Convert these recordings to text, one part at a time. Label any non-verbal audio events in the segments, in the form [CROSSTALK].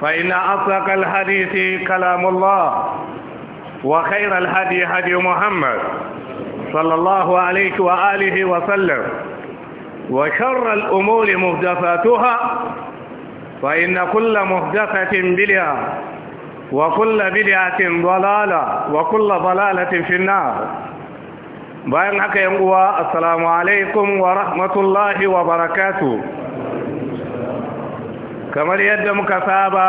فإن أصدق الحديث كلام الله وخير الهدي هدي محمد صلى الله عليه وآله وسلم وشر الأمور مهدفاتها فإن كل مهدفة بلعة وكل بلعة ضلالة وكل ضلالة في النار بأنك ينقوى السلام عليكم ورحمة الله وبركاته kamar yadda muka saba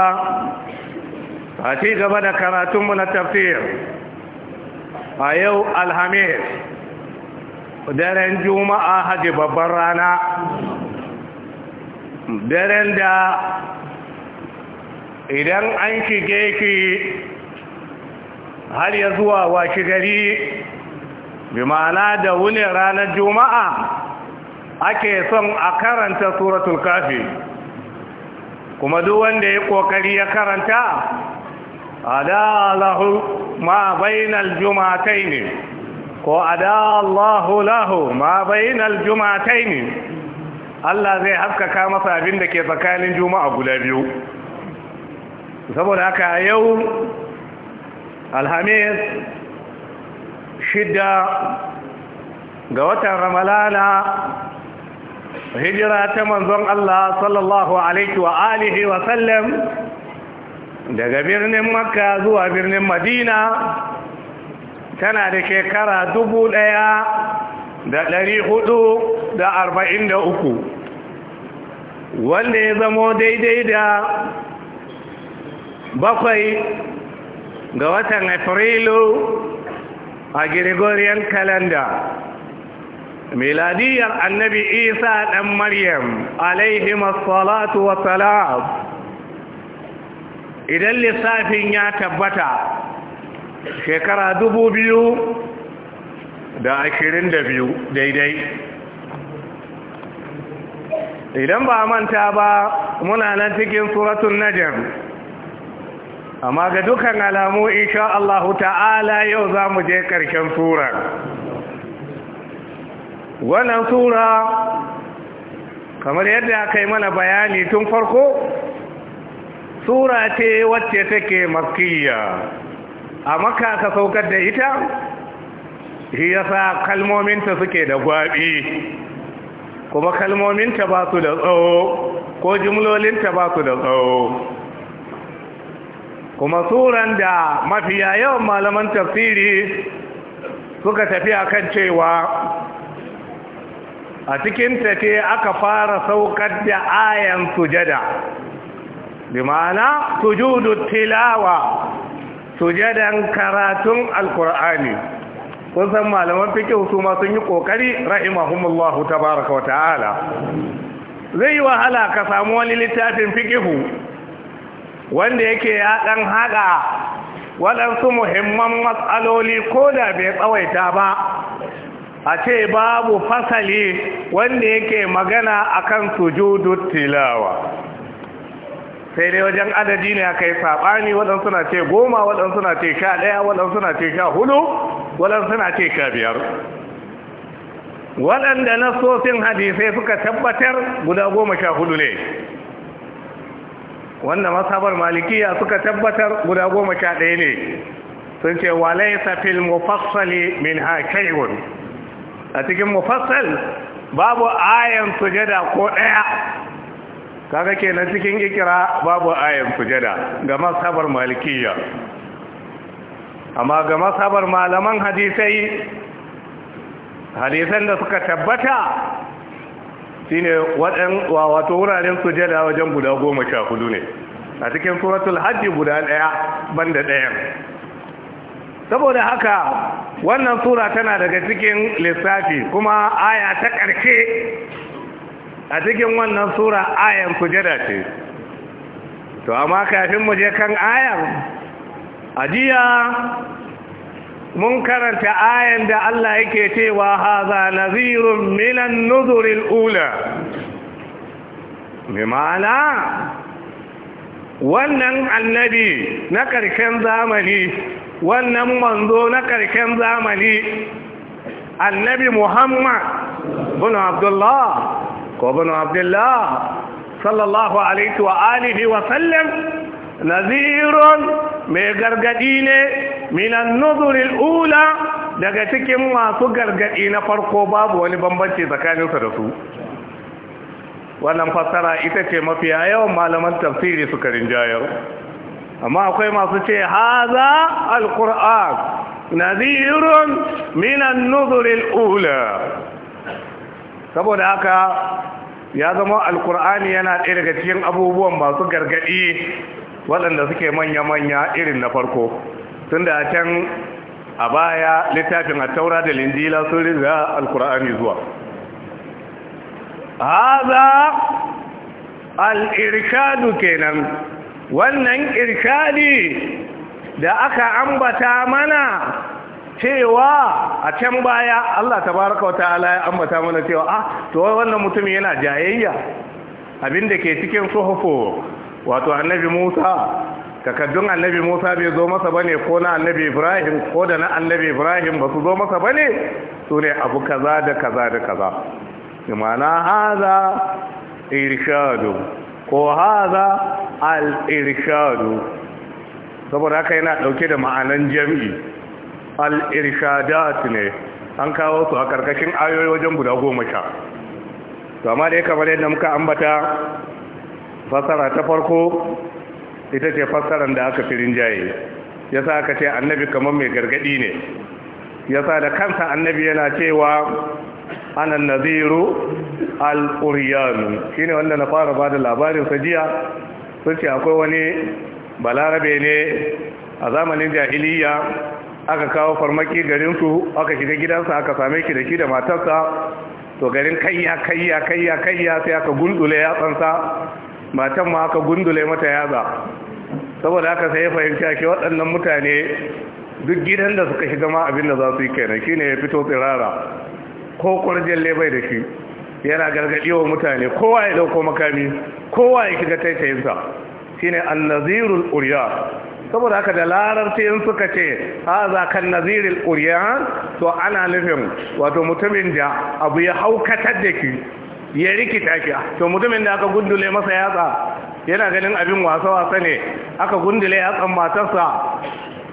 a ci gaba da karatunmu na tafsir a yau alhamis daren juma'a hajji babban rana daren da idan an shige ki har ya zuwa washi gari bi ma'ana da wuni ranar juma'a ake son a karanta suratul kafi kuma duk wanda ya kokari ya karanta ada lahu ma bainal juma'atayn ko adallahu lahu ma bainal juma'atayn Allah zai haskaka masa abin da ke tsakanin juma'a guda biyu saboda haka yau alhamis shidda ga watan ramalana hijira ta manzon Allah sallallahu alaihi wa alihi wa sallam daga birnin makka zuwa birnin madina tana da shekara dubu ɗaya da dari hudu da arba'in da uku wanda ya zamo daidai da bakwai ga watan afrilu a gregorian calendar miladiyar annabi isa ɗan maryam alaihimassalatu wassalam idan lissafin ya tabbata shekara dubu biyu da ashirin da biyu daidai idan ba manta ba muna nan cikin suratun najar amma ga dukan alamu insha Allahu ta'ala yau za mu je ƙarshen surar wannan sura kamar yadda aka yi mana bayani tun farko sura ce wacce take makiyya a maka ka saukar da ita shi yasa kalmominta suke da gwabi kuma kalmominta ba su da tsawo ko jimlolinta ba su da tsawo kuma suran da mafiya yawan malaman tafsiri suka tafi a kan cewa a cikin ta ce aka fara saukar da ayan sujada bi ma'ana sujudu tilawa sujadan karatun alkur'ani kun san malaman fikihu su ma sun yi kokari rahimahumullahu tabaraka wa ta'ala zai yi wahala ka samu wani littafin fikihu wanda yake ya dan haɗa waɗansu muhimman matsaloli ko da bai tsawaita ba a ce babu fasali wanda yake magana akan sujudut tilawa sai dai wajen adadi ne aka yi saɓani waɗansu na ce goma waɗansu na ce sha ɗaya waɗansu na ce sha hudu waɗansu na ce sha biyar waɗanda nasosin hadisai suka tabbatar guda goma sha hudu ne wanda masabar malikiya suka tabbatar guda goma sha ɗaya ne sun ce walai safil mufassali min ha shay'un a cikin mufassal babu ayan sujada ko ɗaya kaga kenan cikin ikira babu ayan sujada ga masabar malikiyya amma ga masabar malaman hadisai hadisan da suka tabbata shine wa wato wuraren sujada wajen guda goma sha hudu ne a cikin suratul hajj guda ɗaya banda ɗayan saboda haka wannan sura tana daga cikin lissafi kuma aya ta ƙarshe a cikin wannan sura ayan jada ce to amma kafin mu je kan ayan ajiya mun karanta ayan da Allah yake cewa haza nazirun minan nuzuril ula mai ma'ana wannan annabi na ƙarshen zamani wannan manzo na ƙarshen zamani annabi muhammad bin abdullah ko bin abdullah sallallahu alaihi wa alihi wa sallam nazirun mai gargadi ne minan nuzuril ula daga cikin masu gargadi na farko babu wani bambanci tsakaninsa da su wannan fassara ita ce mafiya yawan malaman tafsiri suka rinjayar amma akwai masu ce haza alkur'an nazirun minan nuzuril ula saboda haka ya zama alkur'ani yana ɗaya daga cikin abubuwan masu gargaɗi waɗanda suke manya-manya irin na farko tun da can a baya littafin taura da linjila sun riga alkur'ani zuwa haza al-irkadu kenan wannan irshadi da aka ambata mana cewa a can baya Allah tabaraka wa ya ambata mana cewa ah to wannan mutum yana jayayya abinda ke cikin suhufu wato annabi Musa takaddun annabi Musa bai zo masa bane ko na annabi Ibrahim ko da na annabi Ibrahim ba su zo masa bane su ne abu kaza da kaza da kaza imana haza irshadu ko haza al-irshadu saboda haka yana dauke da ma'anan jami'i al-irshadat ne an kawo su a karkashin ayoyi wajen guda goma sha to amma dai kamar yadda muka ambata fasara ta farko ita ce fassaran da aka firin jaye yasa aka ce annabi kamar mai gargadi ne yasa da kansa annabi yana cewa ana naziru al shi shine wanda na fara bada da labarin sa jiya sun ce akwai wani balarabe ne a zamanin jahiliya aka kawo farmaki garinsu aka shiga gidansa aka same shi da shi da matarsa to garin kayya kayya kayya kayya sai aka gundule yatsansa matan ma aka gundule mata yaza saboda aka sai fahimci shi waɗannan mutane duk gidan da suka shiga ma abin da za su yi kenan shine ya fito tsirara ko kwarjalle bai da shi yana gargaɗi wa mutane kowa ya ɗauko makami kowa ya shiga taitayinsa shi ne annazirul uriya saboda haka da ta in suka ce haza kan nazirul uriya to ana nufin wato mutumin da abu ya haukatar da ki ya rikita ki to mutumin da aka gundule masa yatsa yana ganin abin wasa-wasa ne aka gundule yatsan matarsa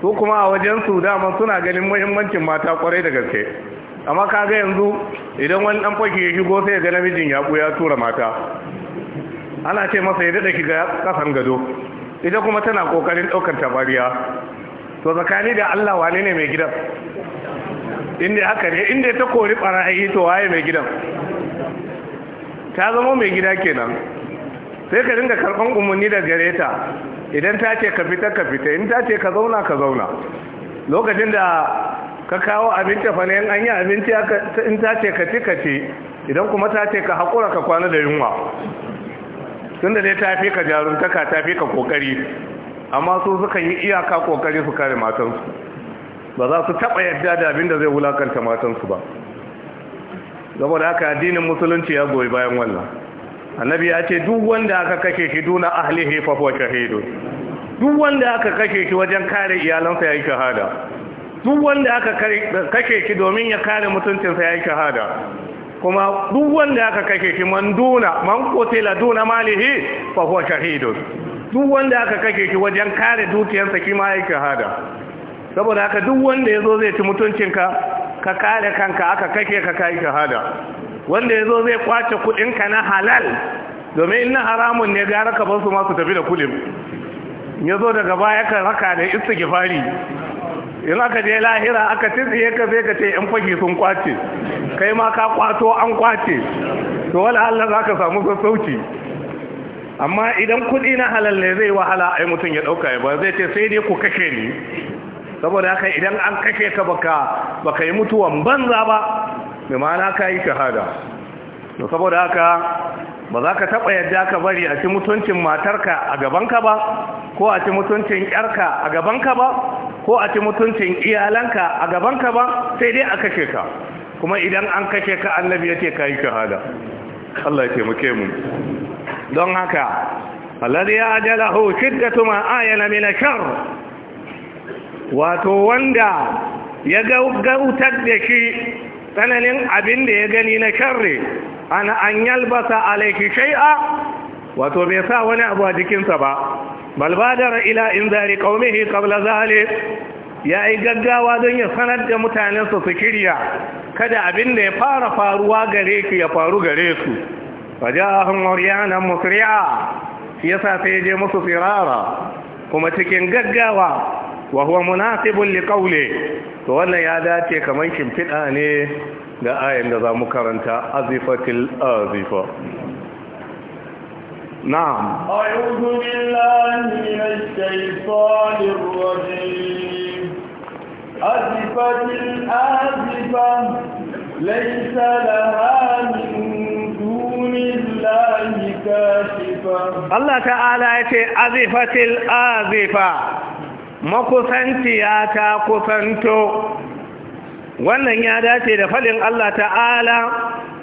ko kuma a wajen su dama suna ganin muhimmancin mata kwarai da gaske amma ga yanzu idan wani dan faki ya shigo sai ga namijin ya ya tura mata ana ce masa ya dada shiga kasan gado ita kuma tana kokarin daukar tabariya to tsakani da Allah wane ne mai gidan inda haka ne inda ta kori barayi to waye mai gidan ta zama mai gida kenan sai ka dinga karban umarni da gareta idan ta ce ka fita ka fita in ta ce ka zauna ka zauna lokacin da ka kawo abinci fa ne an yi abinci in ta ce ka ci ka ci idan kuma ta ce ka haƙura ka kwana da yunwa tun da dai ta fi ka jaruntaka ta fi ka kokari amma su suka yi iyaka kokari su kare matansu ba za su taɓa yadda da abin da zai wulakanta matansu ba saboda haka addinin musulunci ya goyi bayan wannan annabi ya ce duk wanda aka kashe shi duna ahlihi fa huwa shahidun duk wanda aka kashe shi wajen kare iyalansa yayi shahada duk wanda aka kake ki domin ya kare mutuncinsa ya yi shahada kuma duk wanda aka kake ki man duna man kotela duna malihi fa huwa shahidun duk wanda aka kake ki wajen kare dukiyarsa ki ma ya yi shahada saboda haka duk wanda ya zo zai ci mutuncinka ka kare kanka aka kake ka kai shahada wanda ya zo zai kwace kuɗinka na halal domin in na haramun ne gara ka bar su ma su tafi da kulim ya zo daga baya ka raka da istighfari in aka je lahira aka tsitsiye ka zai ka ce yan fage sun kwace kai ma ka kwato an kwace to wala Allah za ka samu sassauci amma idan kudi na halal ne zai wahala ai mutum ya dauka ba zai ce sai dai ku kashe ni saboda haka idan an kashe ka baka baka yi mutuwan banza ba na ma'ana ka yi shahada to saboda haka ba za ka taɓa yadda ka bari a ci mutuncin matarka a gabanka ba ko a ci mutuncin yarka a gabanka ba ko a ci mutuncin iyalanka a gabanka ba sai dai a kashe ka kuma idan an kashe ka annabi ya ce ka yi shahada Allah ya taimake mu don haka alladhi ajalahu shiddatu ma ayana min shar wato wanda ya gautar da shi tsananin abin da ya gani na sharri ana an yalbasa alaihi shay'a wato bai sa wani abu a jikinsa ba bal badara ila inzari qaumihi qabla zalik ya yi gaggawa don ya sanar da mutanensa su kirya kada abin da ya fara faruwa gare su ya faru gare su fajahun oriyanan musri'a shi yasa sai je musu firara kuma cikin gaggawa wa huwa munasibun liqauli to wannan ya dace kamar kimfida ne da ayin da zamu karanta azifatil azifa نعم أعوذ بالله من الشيطان الرجيم أزفت الآزفة ليس لها من دون الله كاشفة الله تعالى يقول أزفت الآزفة makusanciya ta kusanto wannan ya dace da faɗin Allah ta'ala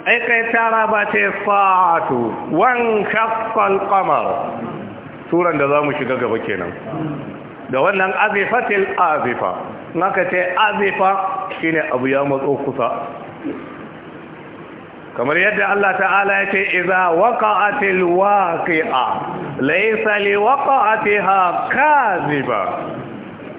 اقتربت الساعة وانشق القمر سورة da zamu shiga gaba kenan da wannan azifatil azifa naka ce azifa shine abu ya matso kusa kamar yadda Allah ta'ala ya ce iza waqa'atil waqi'a laysa liwaqa'atiha kadhiba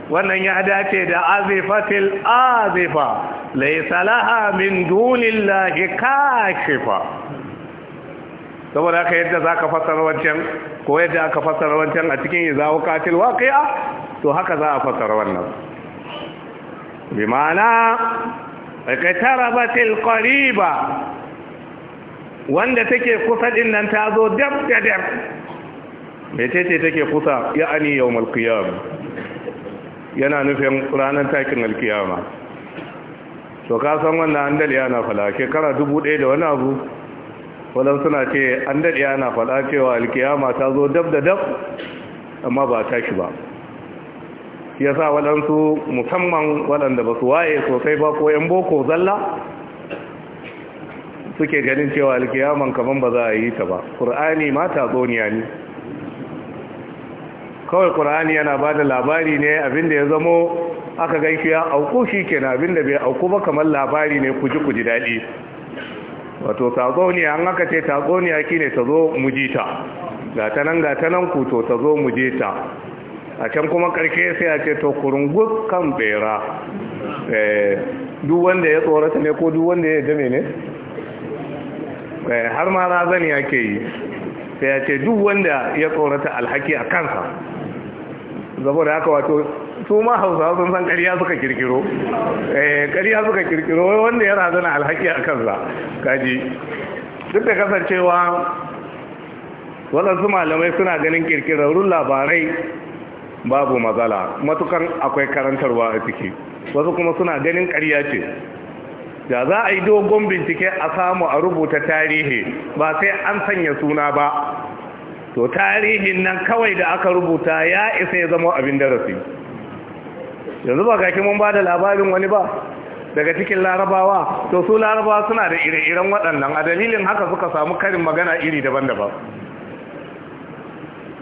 wannan ya dace da azifatil azifa laisa laha min dunillahi kashifa saboda haka yadda zaka fassara wancan ko yadda aka fassara wancan a cikin izawu qatil waqi'a to haka za a fassara wannan bi ma'ana iqtarabat alqariba wanda take kusa din nan ta zo dab da dab mecece take kusa ya'ani yawmal qiyam yana nufin ranar takin alkiyama to ka san wannan an dade ana fala shekara dubu ɗaya da wani abu wadanda suna ce an dade ana fala cewa alkiyama ta zo dab da dab amma ba ta shi ba ya sa waɗansu musamman waɗanda ba su waye sosai ba ko yan boko zalla suke ganin cewa alkiyaman kamar ba za a yi ta ba ƙur'ani ma ta zoniya ne kawai ƙur'ani yana ba da labari ne abinda ya zamo aka gan shi ya auku shi kenan abinda bai auku ba kamar labari ne kuji kuji daɗi wato tatsoniya an aka ce tatsoniya ki ne ta zo mujita gatanan gatanan ku to ta zo mujita a can kuma karke sai a ce to kurungus kan bera eh, duk wanda ya tsorata ne ko duk wanda ya dame ne eh, har ma razani ke yi sai ya ce duk wanda ya tsorata alhaki a kansa saboda haka wato su ma hausawa sun san ƙarya suka kirkiro eh, ƙarya suka kirkiro wanda ya razana alhaki a kansa kaji duk da kasancewa waɗansu malamai suna ganin kirkirarrun labarai babu matsala matukan akwai karantarwa a ciki wasu kuma suna ganin ƙarya ce da za a yi dogon bincike a samu a rubuta tarihi ba sai an sanya suna ba to tarihin nan kawai da aka rubuta ya isa ya zama abin darasi yanzu ba kake mun ba da labarin wani ba daga cikin larabawa to su larabawa suna da ire-iren waɗannan a dalilin haka suka samu karin magana iri daban-daban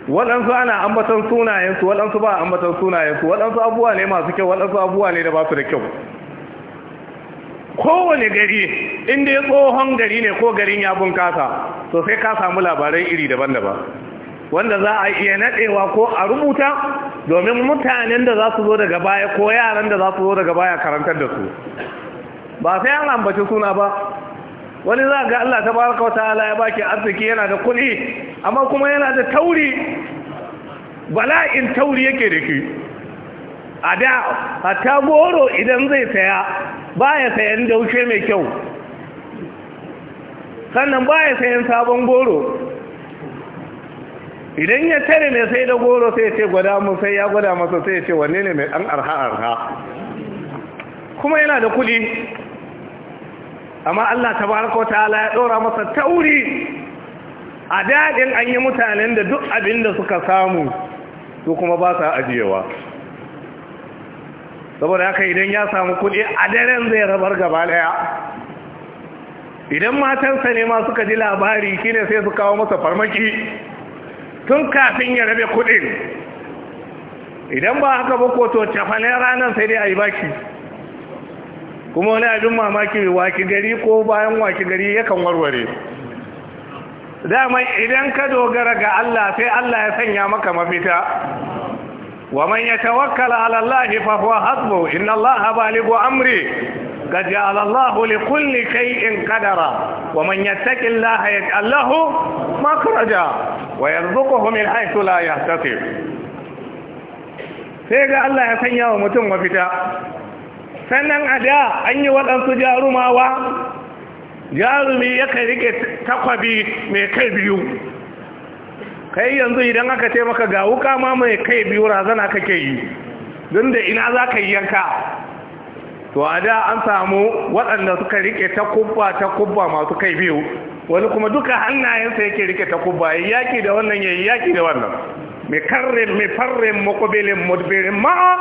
waɗansu ana ambatan sunayensu waɗansu ba ambatan sunayensu waɗansu abuwa ne masu kyau waɗansu abuwa ne da ba su da kyau kowane gari inda ya tsohon gari ne ko garin ya bunkasa to sai ka samu labarai iri daban-daban wanda za a iya nadewa ko a rubuta domin mutanen da za su zo daga baya ko yaran da za su zo daga baya karantar da su ba sai an ambaci suna ba wani za ga Allah ta baraka wa ta'ala ya baki arziki yana da kuɗi amma kuma yana da tauri bala'in tauri yake da shi. a da hatta goro idan zai saya baya sayan daushe mai kyau sannan baya sayan sabon goro idan ya tare mai sai da goro sai ce gwada mu sai ya gwada masa sai ce wanne ne mai ɗan arha arha kuma yana da kuɗi amma Allah tabaraka ta'ala ya ɗora masa tauri a daɗin an yi mutanen da duk abin da suka samu su kuma ba sa ajiyewa saboda haka idan ya samu kuɗi a daren zai rabar gaba ɗaya idan matansa ne ma suka ji labari kine sai su kawo masa farmaki tun kafin ya rabe kuɗin idan ba haka ba ko to cafanen ranar sai dai a yi baki kuma wani abin mamaki waki gari ko bayan waki gari yakan warware dama idan ka dogara ga Allah sai Allah ya sanya maka mafita wa man yatawakkala ala Allah fa huwa hasbuhu inna Allah balighu amri قد جعل الله لكل شيء قدرا ومن يتق الله يجعل له مخرجا ويرزقه من حيث لا يحتسب sai ga Allah ya sanya wa mutum mafita sannan a da an yi waɗansu jarumawa jarumi ya kai rike takwabi mai kai biyu kai yanzu idan aka ce maka ga wuka ma mai kai biyu razana kake yi don da ina za ka yi yanka to a da an samu waɗanda suka rike ta kubba ta kubba masu kai biyu wani kuma duka hannayensa yake rike ta kubba ya yaki da wannan ya yaki da wannan Mai mai farre makwabilin mudbirin ma'a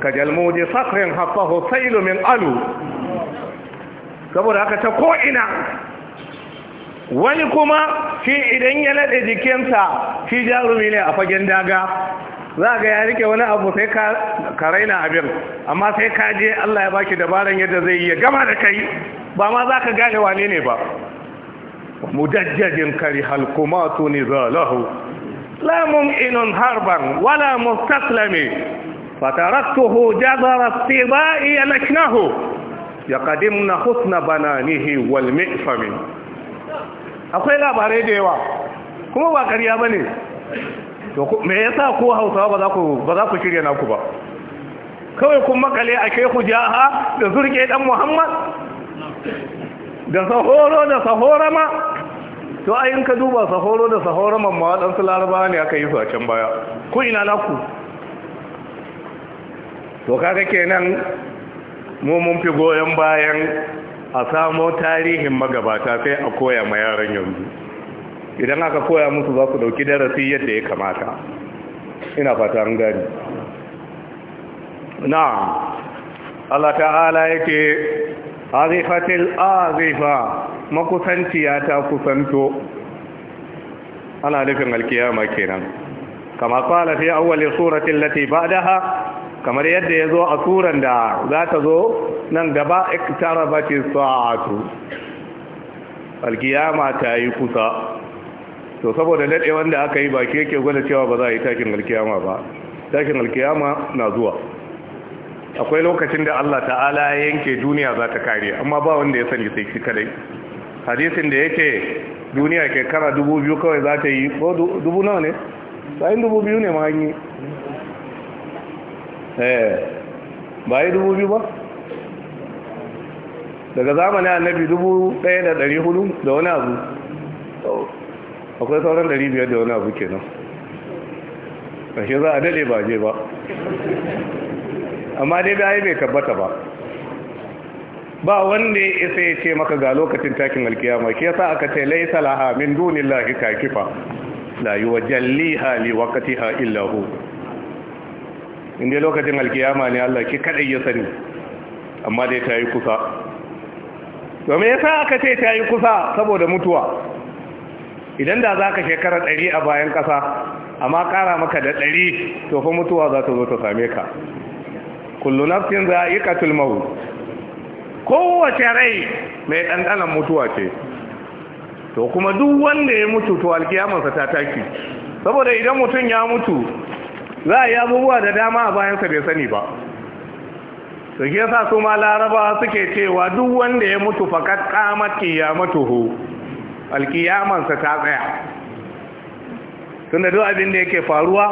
ka jalmoji sakrin hafahu sailu min alu saboda haka ta ko'ina wani kuma shi idan ya laɗe jikinsa shi jarumi ne a fagen daga za ga ya rike wani abu sai ka raina abin amma sai ka je Allah ya baki dabaran yadda zai iya gama da kai ba ma za ka gane wane ne ba mudajjajin kari halkumatu ne zalahu lamun inun harban wala mustaslami fatarattuhu jazara tibai yalaknahu yaqadimna husna bananihi wal mi'fami akwai labarai da yawa kuma ba ƙarya bane to me yasa ko hausawa ba za ku ba za ku shirya naku ba kawai kun makale a shehu jaha da zurke dan muhammad da sahoro da sahorama to ai in ka duba sahoro da sahoraman ma su laraba ne aka yi su a can baya ku ina naku to kaga kenan mu mun fi goyon bayan a samo tarihin magabata sai a koya ma yaran yanzu idan aka koya musu za su dauki darasi yadda ya kamata ina fata an gani Na Allah ta'ala yake azifatil azifa makusanciya ta kusanto ana nufin alkiyama kenan kama qala fi awwal surati allati ba'daha kamar yadda ya zo a suran da za ta zo nan gaba iktarabatis sa'atu alkiyama ta yi kusa to saboda daɗe wanda aka yi baki yake gwada cewa ba za a yi takin alkiyama ba takin alkiyama na zuwa akwai lokacin da Allah ta'ala ya yanke duniya za ta kare amma ba wanda ya sani sai shi kadai hadisin da yake duniya ke kara dubu biyu kawai za ta yi ko dubu nawa ne bayan dubu biyu ne ma yi? eh bayan dubu biyu ba daga zamanin annabi dubu ɗaya da ɗari hudu da wani abu akwai sauran ɗari biyar da wani abu kenan shi za a daɗe ba je ba amma dai bayan mai bai tabbata ba ba wanda ya isa ya ce maka ga lokacin takin alkiyama ke sa aka ce laisa laha min dunillahi kakifa la jalli hali wakati ha illahu inda lokacin alkiyama ne Allah ki kadai ya sani amma dai ta yi kusa to me sa aka ce ta yi kusa saboda mutuwa idan da za ka shekara ɗari a bayan ƙasa amma ƙara maka da ɗari to fa mutuwa za ta zo ta same ka kullu nafsin za a yi kowace rai mai ɗanɗanan mutuwa ce to kuma duk wanda ya mutu to alkiyamarsa ta taki saboda idan mutum ya mutu za a yi abubuwa da dama a bayansa bai sani ba su sa su ma larabawa suke cewa duk wanda ya mutu fakat kamar kiyamatuhu alkiyamansa ta tsaya tunda duk abin da yake faruwa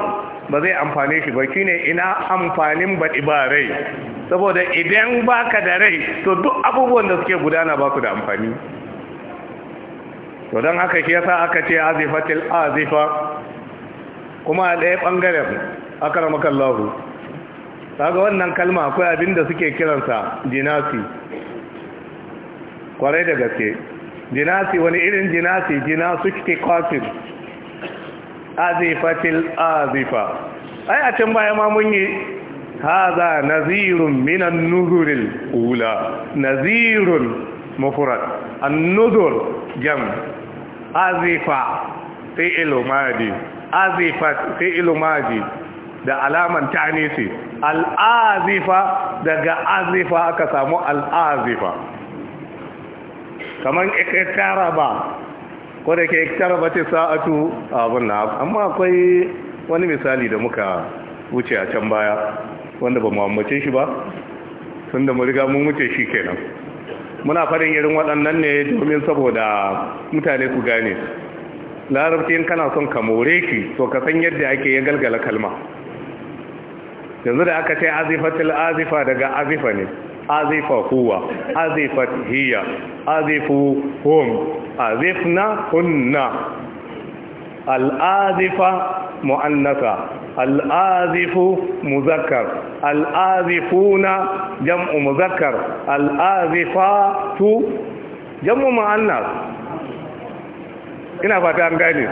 ba zai amfane shi ba shine ina amfanin baɗi ba rai saboda idan baka da rai to duk abubuwan da suke gudana ba su da amfani to don haka shi yasa aka ce azifatil azifa kuma a ɗaya ɓangaren akaramakan lahu kaga wannan kalma akwai abin da suke kiransa jinasi kwarai da gaske jinasi wani irin jinasi jinasu kikotin azifatil azifa ai a can baya ma mun yi haza nazirun minan nuzuril ula nazirun mufrad an-nuzur jam azifa fi'lu madi azifat fi'lu madi da alaman ta'nisi al-azifa daga azifa aka samu al-azifa kamar ba, ko da ke ba ce sa'atu abin na amma akwai wani misali da muka wuce a can baya wanda ba mu shi ba sun da mu riga mun wuce shi kenan muna farin irin waɗannan ne domin saboda mutane ku gane larabci kana son ka more ki so ka san yadda ake ya galgala kalma yanzu da aka ce azifatul azifa daga azifa ne azifa huwa azifat hiya azifu hum azifna hunna al'azifa mu'annasa al'azifu muzakkar al'azifuna jam'u muzakkar al'azifatu jam'u mu'annas ina fata an gane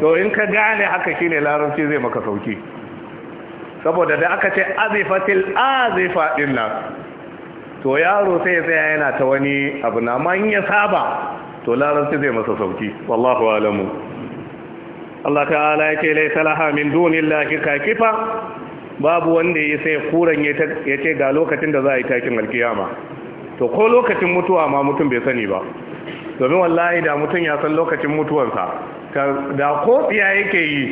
to in ka gane haka shine larabci zai maka sauki saboda da aka ce azifatil azifa din to yaro sai ya tsaya yana ta wani abu na man ya saba to larabci zai masa sauki wallahu alamu Allah ta'ala yake lai salaha min dunillahi kakifa babu wanda ya sai kuran ya ce ga lokacin da za a yi takin alkiyama to ko lokacin mutuwa ma mutum bai sani ba domin wallahi da mutum ya san lokacin mutuwansa da ko tsiya yake yi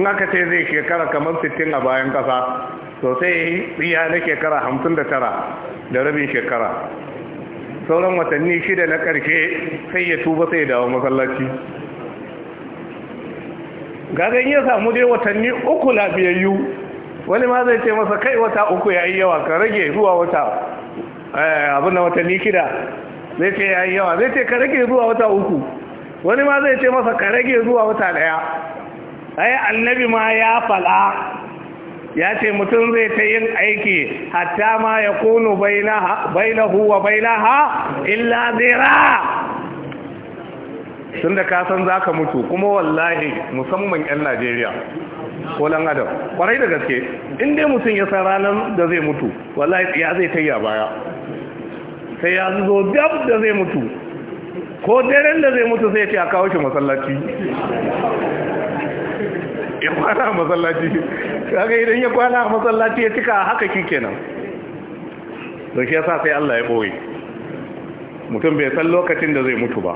in aka ce zai shekara kamar sittin a bayan kasa Sosai sai na shekara hamsin da tara da rabin shekara sauran watanni shida na ƙarshe sai ya tuba sai dawo masallaci gagan ya samu dai watanni uku labiyayyu wani ma zai ce masa kai wata uku ya yi yawa ka rage zuwa wata eh, abin da watanni shida zai ce ya yi yawa zai ce ka rage zuwa wata uku wani ma zai ce masa ka rage zuwa wata ɗaya ai annabi ma ya fala ya ce mutum zai ta yin aiki hatta ma ya kunu huwa baina ha illa zira tun da kasan za ka mutu kuma wallahi musamman 'yan najeriya ko lan adam kwarai da gaske in dai mutum ya san ranar da zai mutu wallahi ya zai ta a baya sai ya zo dab da zai mutu ko daren da zai mutu sai ya ce a kawo shi masallaci ya kwana a masallaci kaga idan ya kwana a masallaci ya cika haka kenan don shi yasa sai Allah ya boye mutum bai san lokacin da zai mutu ba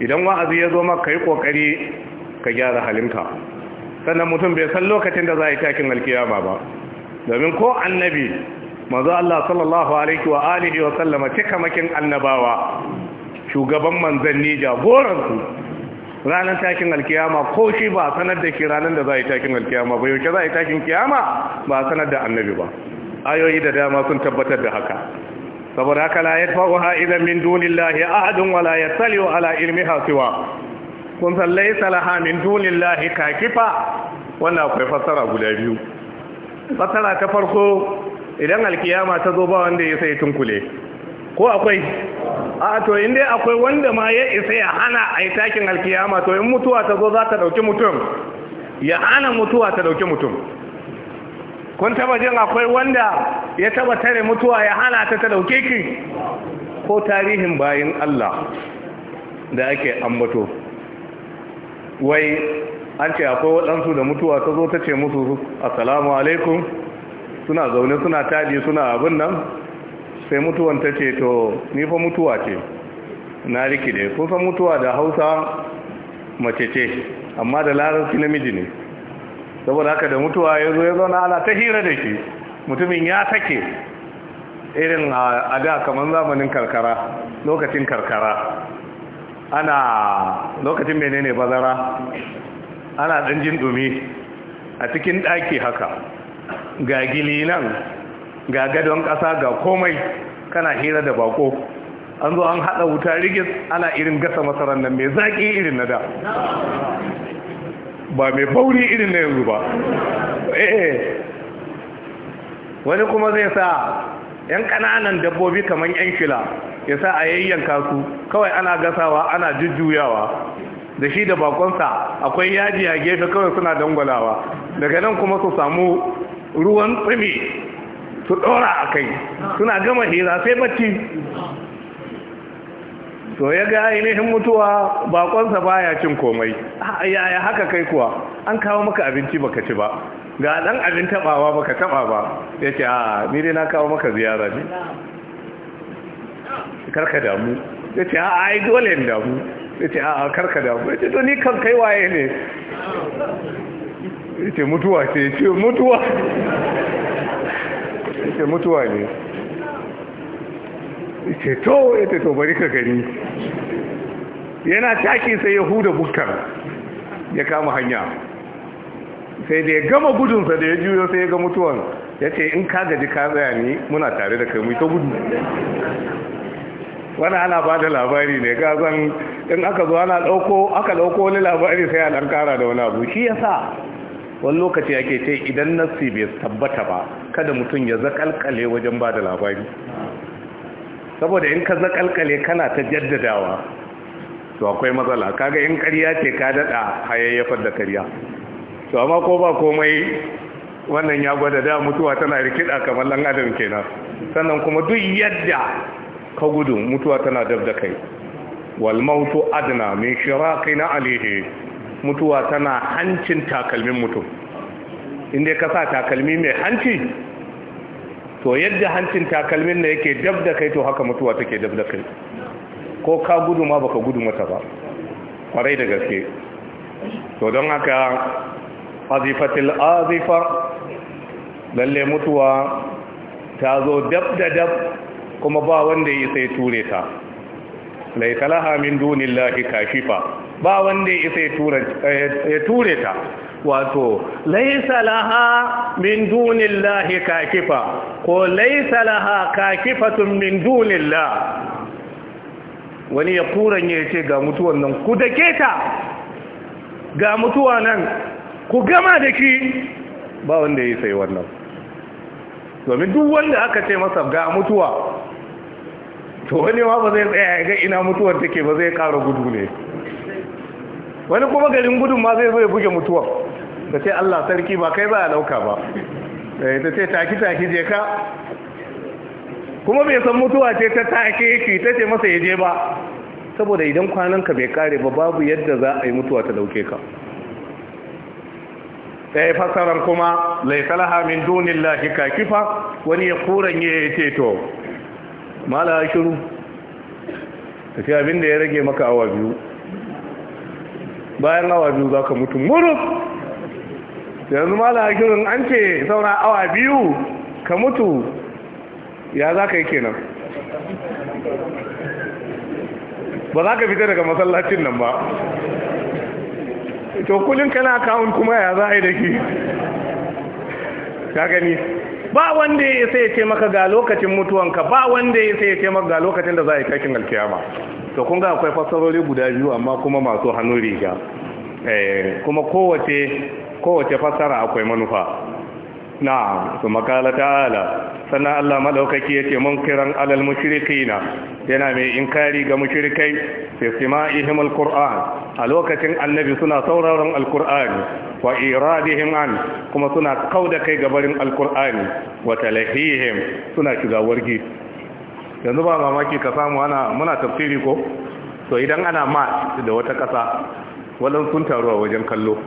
idan wa'azi ya zo maka yi kokari ka gyara halinka sannan mutum bai san lokacin da za a yi takin alkiyama ba domin ko annabi manzo Allah sallallahu alaihi wa alihi wa sallama cika makin annabawa shugaban manzanni jagoransu ranar takin alkiyama ko shi ba sanar da ke ranar da za a yi takin alkiyama ba yauke za a yi takin kiyama ba sanar da annabi ba ayoyi da dama sun tabbatar da haka saboda haka la ha idan min dunillahi ahadun wa la yattali'u ala ilmi siwa kun san laysa laha min dunillahi kakifa wannan akwai fassara guda biyu fassara ta farko idan alkiyama ta zo ba wanda ya sai tunkule ko akwai a to in dai akwai wanda ma ya isa ya hana a yi takin alkiyama to in mutuwa ta zo za ta ɗauki mutum ya hana mutuwa ta dauki mutum kun taba jin akwai wanda ya taba tare mutuwa ya hana ta ta ɗauke ki ko tarihin bayin Allah da ake ambato wai an ce akwai waɗansu da mutuwa ta zo ta ce musu assalamu alaikum suna zaune suna taɗi suna abin nan sai mutuwan ta ce to ni fa mutuwa ce na rikide kusan mutuwa da hausa mace ce amma da larabci namiji ne saboda haka da mutuwa ya zo ya zauna ala ta hira da shi mutumin ya take irin a da kamar zamanin karkara lokacin karkara ana lokacin menene bazara ana ɗan jin dumi a cikin ɗaki haka gagilinan nan ga gadon ƙasa ga komai kana hira da bako an zo an haɗa wuta rigis ana irin gasa masarar nan mai zaƙi irin na da ba mai bauri irin na yanzu ba eh wani kuma zai sa yan ƙananan dabbobi kamar yan fila ya sa a yayyanka su kawai ana gasawa ana jujjuyawa da shi da bakonsa akwai yaji a gefe kawai suna dangwalawa daga nan kuma su samu ruwan tsimi su ɗora a kai suna gama hira sai bacci to ya ga ainihin mutuwa bakonsa ya cin komai yaya haka kai kuwa an kawo maka abinci baka ci ba ga ɗan abin ba baka taɓa ba yace a ni dai na kawo maka ziyara ne karka damu yace a ai dole in damu yace a karka damu yace to ni kan kai waye ne yace mutuwa ce ce mutuwa ke mutuwa ne ke to ya to bari ka gani yana taki sai ya huda bukkar ya kama hanya sai da ya gama gudunsa da ya juyo sai ya ga mutuwan ya ce in ka gaji ka tsaya ne muna tare da kai mu ta gudu wani ana ba da labari ne ga zan in aka zo ana ɗauko aka ɗauko wani labari sai a ɗan ƙara da wani abu shi ya sa wani lokaci ake ce idan nassi bai tabbata ba kada mutum ya zakalkale wajen ba da labari saboda in ka zakalkale kana ta jaddadawa to akwai matsala kaga in ƙarya ce ka daɗa hayayyafar da ƙarya to amma ko ba komai wannan ya gwada da mutuwa tana rikida kamar ɗan adam kenan sannan kuma duk yadda ka gudu mutuwa tana dab da kai wal mautu adna min shiraqina alayhi mutuwa tana hancin takalmin mutum inda ka sa takalmi mai hanci to yadda hancin takalmin da yake dab da kai to haka mutuwa take dab da kai ko ka gudu ma baka gudu mata ba kwarai da gaske to don haka azifatil azifa lalle mutuwa ta zo dab da dab kuma ba wanda yi sai ture ta laitalaha min dunillahi kashifa ba wanda yi sai ture ta wato laisa laha min dunillahi kakifa ko laisa laha kakifatun min dunillah wani ya kuran ya ce ga mutuwan nan ku dake ta ga mutuwa nan ku gama da ki ba wanda ya sai wannan domin duk wanda aka ce masa ga mutuwa to wani ma ba zai tsaya ga ina mutuwar take ba zai kara gudu ne wani kuma garin gudun ma zai zo ya buge mutuwa ta ce Allah sarki ba kai ba a dauka ba eh, ta ce taki taki je ka kuma bai san mutuwa ce ta take shi ta ce masa ya je ba saboda idan kwananka bai kare ba babu yadda za a yi mutuwa ta dauke ka Ta eh, yi fasarar kuma dunin min dunillahi kakifa wani ya kuran ya ce to mala shiru Ta ce abinda ya rage maka awa biyu bayan awa biyu za ka mutu muruf yanzu da hakirin an ce saura awa biyu ka mutu ya za ka yi kenan ba za ka fita daga masallacin nan ba to kulin kana kawun kuma ya za a yi da ke ka gani ba wanda ya sai ya ce maka ga lokacin mutuwanka ba wanda ya sai ya ce maka ga lokacin da za a yi kakin alkiyama to kun ga akwai fassarori guda biyu amma kuma masu hannun riga eh, kuma kowace kowace fassara akwai manufa na su makala ta'ala sannan Allah maɗaukaki yake kiran alal mushrikina yana mai inkari ga mushrikai fi sima'ihim alquran a lokacin annabi suna sauraron alqur'ani wa iradihim an kuma suna kauda kai gabarin alqur'ani wa talahihim suna shiga wargi yanzu ba mamaki ka samu ana muna tafsiri ko to idan ana ma da wata kasa wadan sun taru a wajen kallo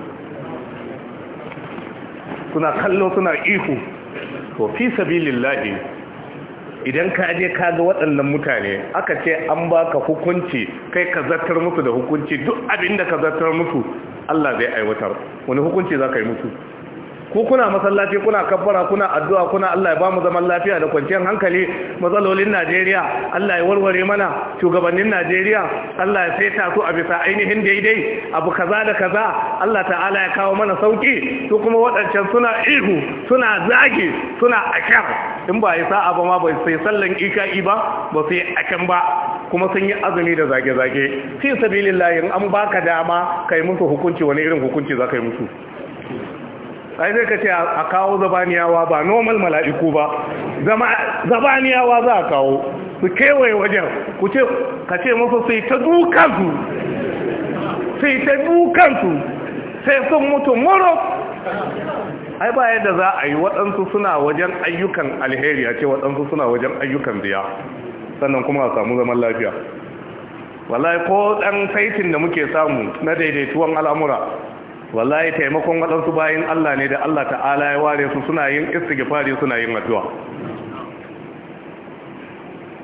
suna kallo suna ihu to fi sabilillahi idan ka je ka ga waɗannan mutane aka ce an ba ka hukunci kai ka zartar musu da hukunci duk abinda da ka zartar musu Allah zai aiwatar wani hukunci za ka yi musu ku kuna masallaci kuna kabbara kuna addu'a kuna Allah ya bamu zaman lafiya da kwanciyar hankali matsalolin Najeriya Allah ya warware mana shugabannin Najeriya Allah ya saita su a bisa ainihin daidai abu kaza da kaza Allah ta'ala ya kawo mana sauki su kuma waɗancan suna ihu suna zagi suna akar in ba ya sa'a ba ma bai sai sallan ika'i ba ba sai akan ba kuma sun yi azumi da zage-zage fi sabilillah in an baka dama kai musu hukunci wani irin hukunci za ka yi musu ai zai ka ce a kawo zabaniyawa ba normal mala'iku ba zabaniyawa za a kawo su kewaye wajen ku ce ka ce musu sai ta dukansu sai ta dukansu sai sun mutu moro ai ba yadda za a yi waɗansu suna wajen ayyukan alheri a ce waɗansu suna wajen ayyukan biya. sannan kuma a samu zaman lafiya wallahi ko ɗan saitin da muke samu na daidaituwan al'amura wallahi taimakon waɗansu bayan Allah ne da Allah ta'ala ya ware su suna yin istighfari suna yin addu'a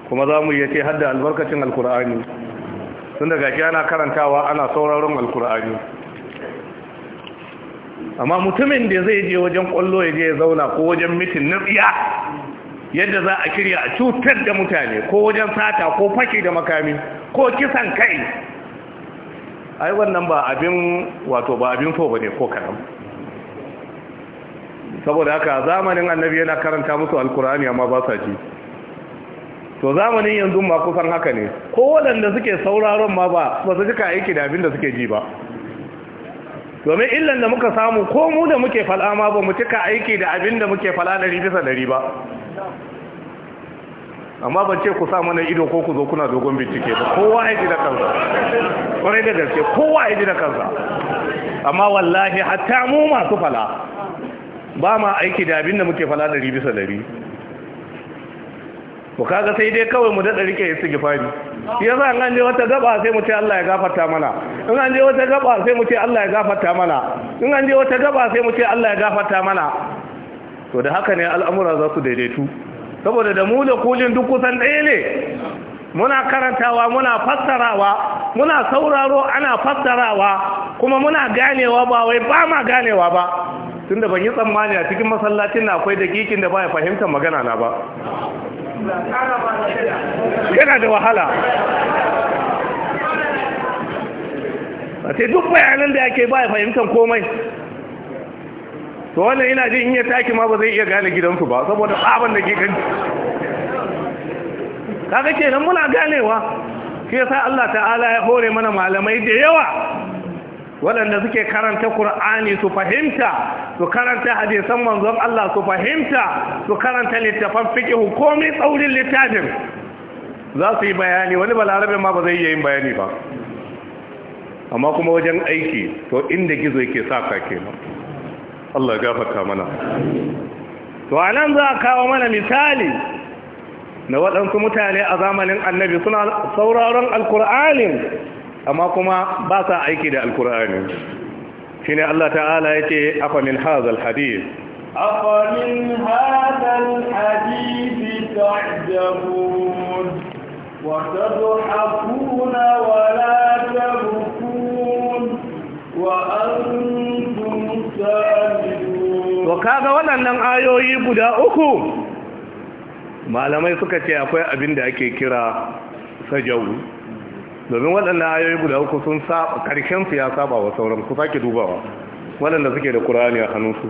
kuma za mu yace hadda albarkacin alkur'ani tun daga shi ana karantawa ana sauraron alkur'ani amma mutumin da zai je wajen kwallo ya je ya zauna ko wajen mitin na yadda za a kirya a cutar da mutane ko wajen sata ko fashi da makami ko kisan kai ai wannan ba abin wato ba abin so bane ko karam saboda haka zamanin annabi yana karanta musu alkur'ani amma ba sa ji to zamanin yanzu ma kusan haka ne ko waɗanda suke sauraron ma ba ba su cika aiki da abin da suke ji ba domin illan da muka samu ko mu da muke fal'ama ma ba mu cika aiki da abin da muke fal'a ɗari bisa ɗari ba amma ban ce ku sa mana ido ko ku zo kuna dogon bincike ba kowa ya ji da kansa kwarai da gaske kowa ya ji da kansa amma wallahi hatta mu masu fala ba ma aiki da abin da muke fala dari bisa dari ku kaga sai dai kawai mu daɗa rike su gifari ya za an je wata gaba sai mu ce Allah ya gafarta mana in an je wata gaba sai mu ce Allah ya gafarta mana in an je wata gaba sai mu ce Allah ya gafarta mana to da haka ne al'amura za su daidaitu saboda da mu da kulin duk kusan ɗaya ne muna karantawa muna fassarawa muna sauraro ana fassarawa kuma muna ganewa ba wai ba ma ganewa ba tunda ban yi tsammani a cikin masallacin na akwai dakikin da ba ya fahimtar magana na ba yana da wahala a duk bayanan da ya ke ba ya fahimtar komai to wannan ina jin in ya taki ma ba zai iya gane gidansu ba saboda tsaban da ke gani kaga kenan muna ganewa shi yasa Allah ta'ala ya hore mana malamai da yawa waɗanda suke karanta Kur'ani su fahimta su karanta hadisan manzon Allah su fahimta su karanta littafan fiqh mai tsaurin littafin za su yi bayani wani balarabe ma ba zai yi bayani ba amma kuma wajen aiki to inda gizo yake saka kenan Allah mana to anan za a kawo mana misali na waɗansu mutane a zamanin annabi suna sauraron alkur'anin amma kuma ba sa aiki da alkur'ani shine Allah ta'ala yake afa min hazal hadith afa min hazal hadith ta'jabun wa tadhakuna wa la tabkun wa antum to kaga waɗannan ayoyi guda uku malamai suka ce akwai abin da ake kira Sajau. domin waɗannan ayoyi guda uku sun saba karshen su ya saba wa sauran ku sake dubawa waɗanda suke da Qur'ani a hannunsu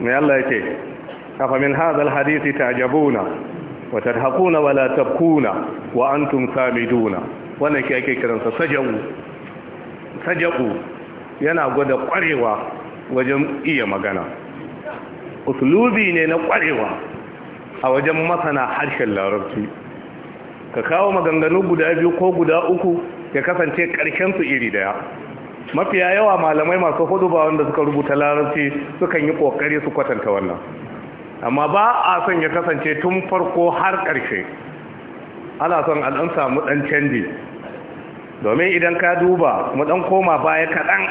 mai Allah yake afa min hadha hadisi ta jabuna wata hakuna wala tabkuna wa antum samiduna wannan ke ake kiransa Sajau. yana gwada kwarewa wajen iya magana uslubi ne na kwarewa a wajen masana harshen larabci ka kawo maganganu guda biyu ko guda uku ya kasance su iri daya mafiya yawa malamai masu hudu ba wanda suka rubuta larabci sukan yi kokari su kwatanta wannan amma ba a son ya kasance tun farko har ƙarshe ana son al'amsa samu ɗan canji domin idan ka duba mu dan koma baya kaɗan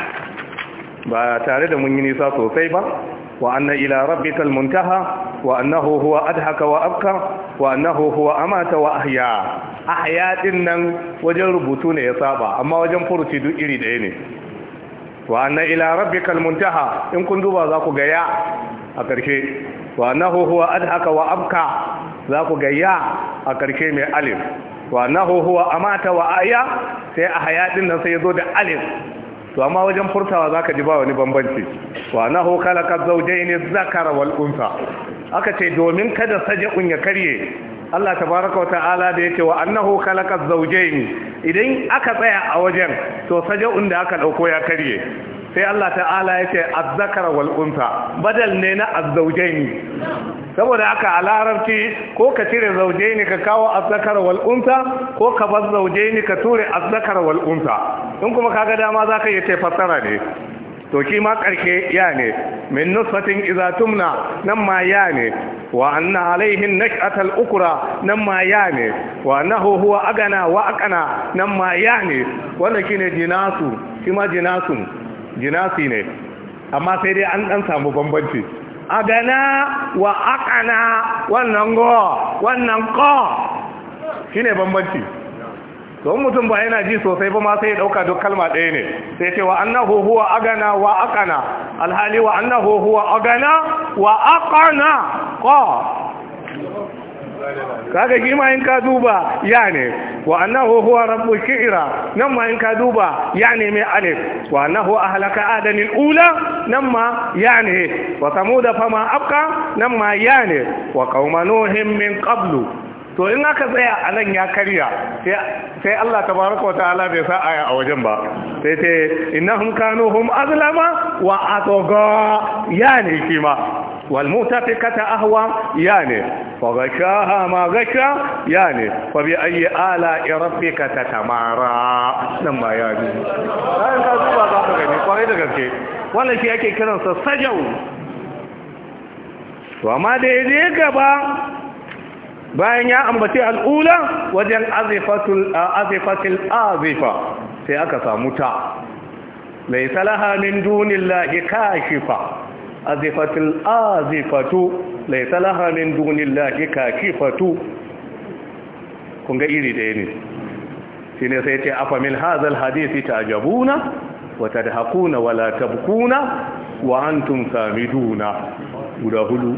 ba tare da mun yi nisa sosai ba wa anna ila rabbikal muntaha wa annahu huwa adhaka wa abka wa annahu huwa amata wa ahya ahya din nan wajen rubutu ne ya saba amma wajen furuci duk iri ɗaya ne wa anna ila rabbikal muntaha in kun duba za ku ga ya a ƙarshe wa annahu huwa adhaka wa abka za ku ga ya a ƙarshe mai alif wa huwa amata wa aya sai a hayaɗin nan sai ya zo da alif to amma wajen furtawa zaka ji ba wani bambanci wa nahu khalaqa zawjayn zakara wal aka ce domin kada saja'un ya karye Allah tabaraka wa ta'ala da yake wa annahu khalaqa zawjayn idan aka tsaya a wajen to saja'un da aka dauko ya karye sai Allah ta'ala ya ce azzakar wal badal ne na azzaujaini saboda aka a larabci ko ka cire zaujaini ka kawo azzakar wal ko ka bar zaujaini ka ture azzakar wal in kuma kaga dama zaka yi ce fassara ne to shi ma karke ya ne min nusfatin izatumna nan ma ya ne wa anna alaihin nash'atal ukra nan ma ya ne wa annahu huwa agana wa aqana nan ma ya ne wannan shine jinasu shi ma jinasun jinasi ne amma sai dai an ɗan samu bambanci agana wa aqana wannan go wannan ko shine bambanci don mutum ba yana ji sosai ba ma sai ya ɗauka duk kalma ɗaya ne sai ce wa annahu huwa agana wa aqana alhali wa annahu huwa agana wa aqana ko kaga shi ma in ka duba ya ne wa annahu huwa rabbu shi'ra nan ma in ka duba ya ne mai alif wa annahu ahlaka adanil ula nan ma ya ne wa samuda fama abka nan ma ya ne wa qauma nuhin min qablu to in aka tsaya a nan ya karya sai Allah tabaraka wa ta'ala bai sa aya a wajen ba sai ce innahum kanu hum azlama wa atgha yani kima wal mutafiqata ya ne. fa gashaha ma gasha ya ne. bi ayi ala rabbika tatamara nan ba ya ne. sai ka zuba za ka gani kwarai da gaske wannan shi ake kiransa sajau Wa ma daidai gaba bayan ya ambaci al'ula wajen azifatul azifa sai aka samu ta mai salaha min dunin lahi kashifa azifatul azifatu mai salaha min dunin lahi kashifatu kun ga iri ɗaya ne shi ne sai ce afa min hazal hadisi ta jabuna wata da hakuna wala tabkuna wa antum samiduna guda hudu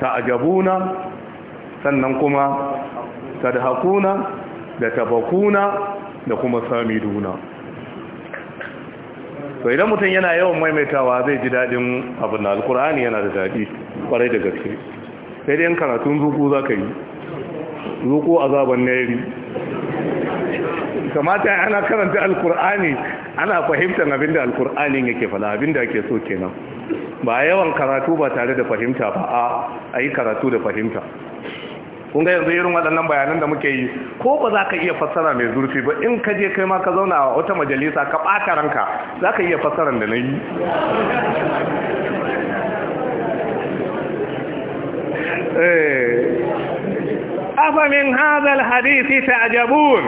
ta sannan kuma tadhakuna da tabakuna da kuma samiduna to idan mutum yana yawan maimaitawa zai ji dadin abin alkur'ani yana da dadi kwarai da gaske sai dai karatun zuku zaka yi zuku azaban Nairi. kamata ana karanta alkur'ani ana fahimtar abin da alkur'ani yake fada abin da ake so kenan ba yawan karatu ba tare da fahimta ba a yi karatu da fahimta kun ga yanzu irin waɗannan bayanan da muke yi ko ba za ka iya fassara mai zurfi ba in ka je kai ma ka zauna a wata majalisa ka ɓata ranka za ka iya fassaran da na yi eh. afamin hazal hadisi ta ajabun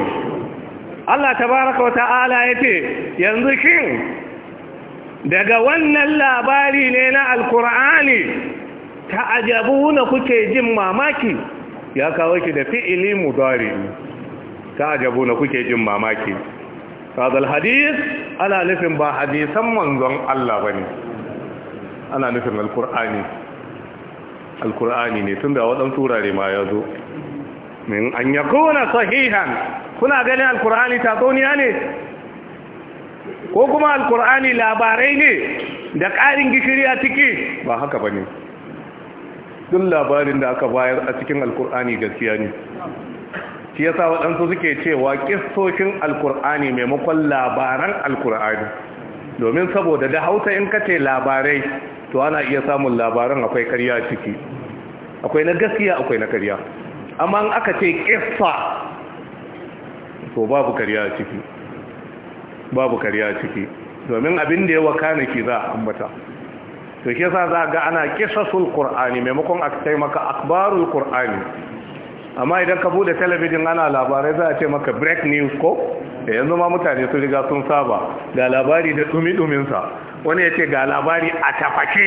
Allah tabaraka ala ya ce yanzu shin daga wannan labari ne na alkur'ani ta ajabu na kuke jin mamaki ya kawo ki da fi'ili mudari ta ajabu na kuke jin mamaki sadal hadis ana nufin ba hadisan manzon Allah bane ana nufin alqur'ani alqur'ani ne tunda wadan turare ma ya zo. min an yakuna sahihan kuna ganin alqur'ani tatsuniya ne ko kuma alqur'ani labarai ne da ƙarin gishiri a ciki ba haka bane duk labarin da aka bayar a cikin alkur'ani gaskiya ne shi yasa waɗansu suke cewa kistocin alkur'ani maimakon labaran alkur'ani domin saboda da hausa in ka ce labarai to ana iya samun labaran akwai karya ciki akwai na gaskiya akwai na karya amma in aka ce kissa to babu karya ciki babu karya ciki domin abin da ya wakana ki za a ambata to ke sa za ga ana kisasul qur'ani maimakon a kai maka akbarul qur'ani amma idan ka bude talabijin ana labarai za a ce maka break news ko da eh, yanzu ma mutane su riga sun saba ga labari da dumi-dumin sa wani ya ce ga labari a tafashe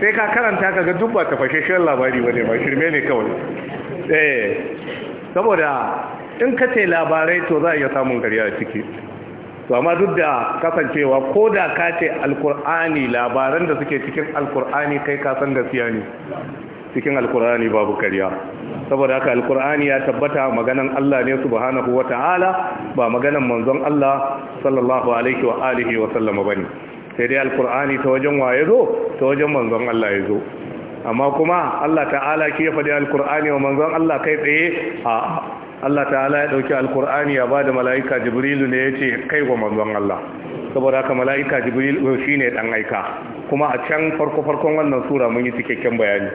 sai ka karanta ka ga duk ba tafasheshen labari wani ba shirme ne kawai eh saboda in ka ce labarai to za a iya samun karya a ciki to amma duk da kasancewa ko da ka ce alkur'ani labaran da suke cikin alkur'ani kai ka san gaskiya ne cikin alkur'ani babu karya saboda haka alkur'ani ya tabbata maganan Allah ne subhanahu ta'ala ba maganan manzon Allah sallallahu alaihi wa alihi wa sallama bane sai dai alkur'ani ta wajen waye zo ta wajen manzon Allah ya zo amma kuma Allah ta'ala ke faɗi alkur'ani wa manzon Allah kai tsaye a Allah ta'ala ya ɗauki alkur'ani ya bada mala'ika jibrilu ne yace kai wa manzon Allah saboda haka mala'ika jibrilu shine dan aika kuma a can farko farkon wannan sura mun yi cikakken bayani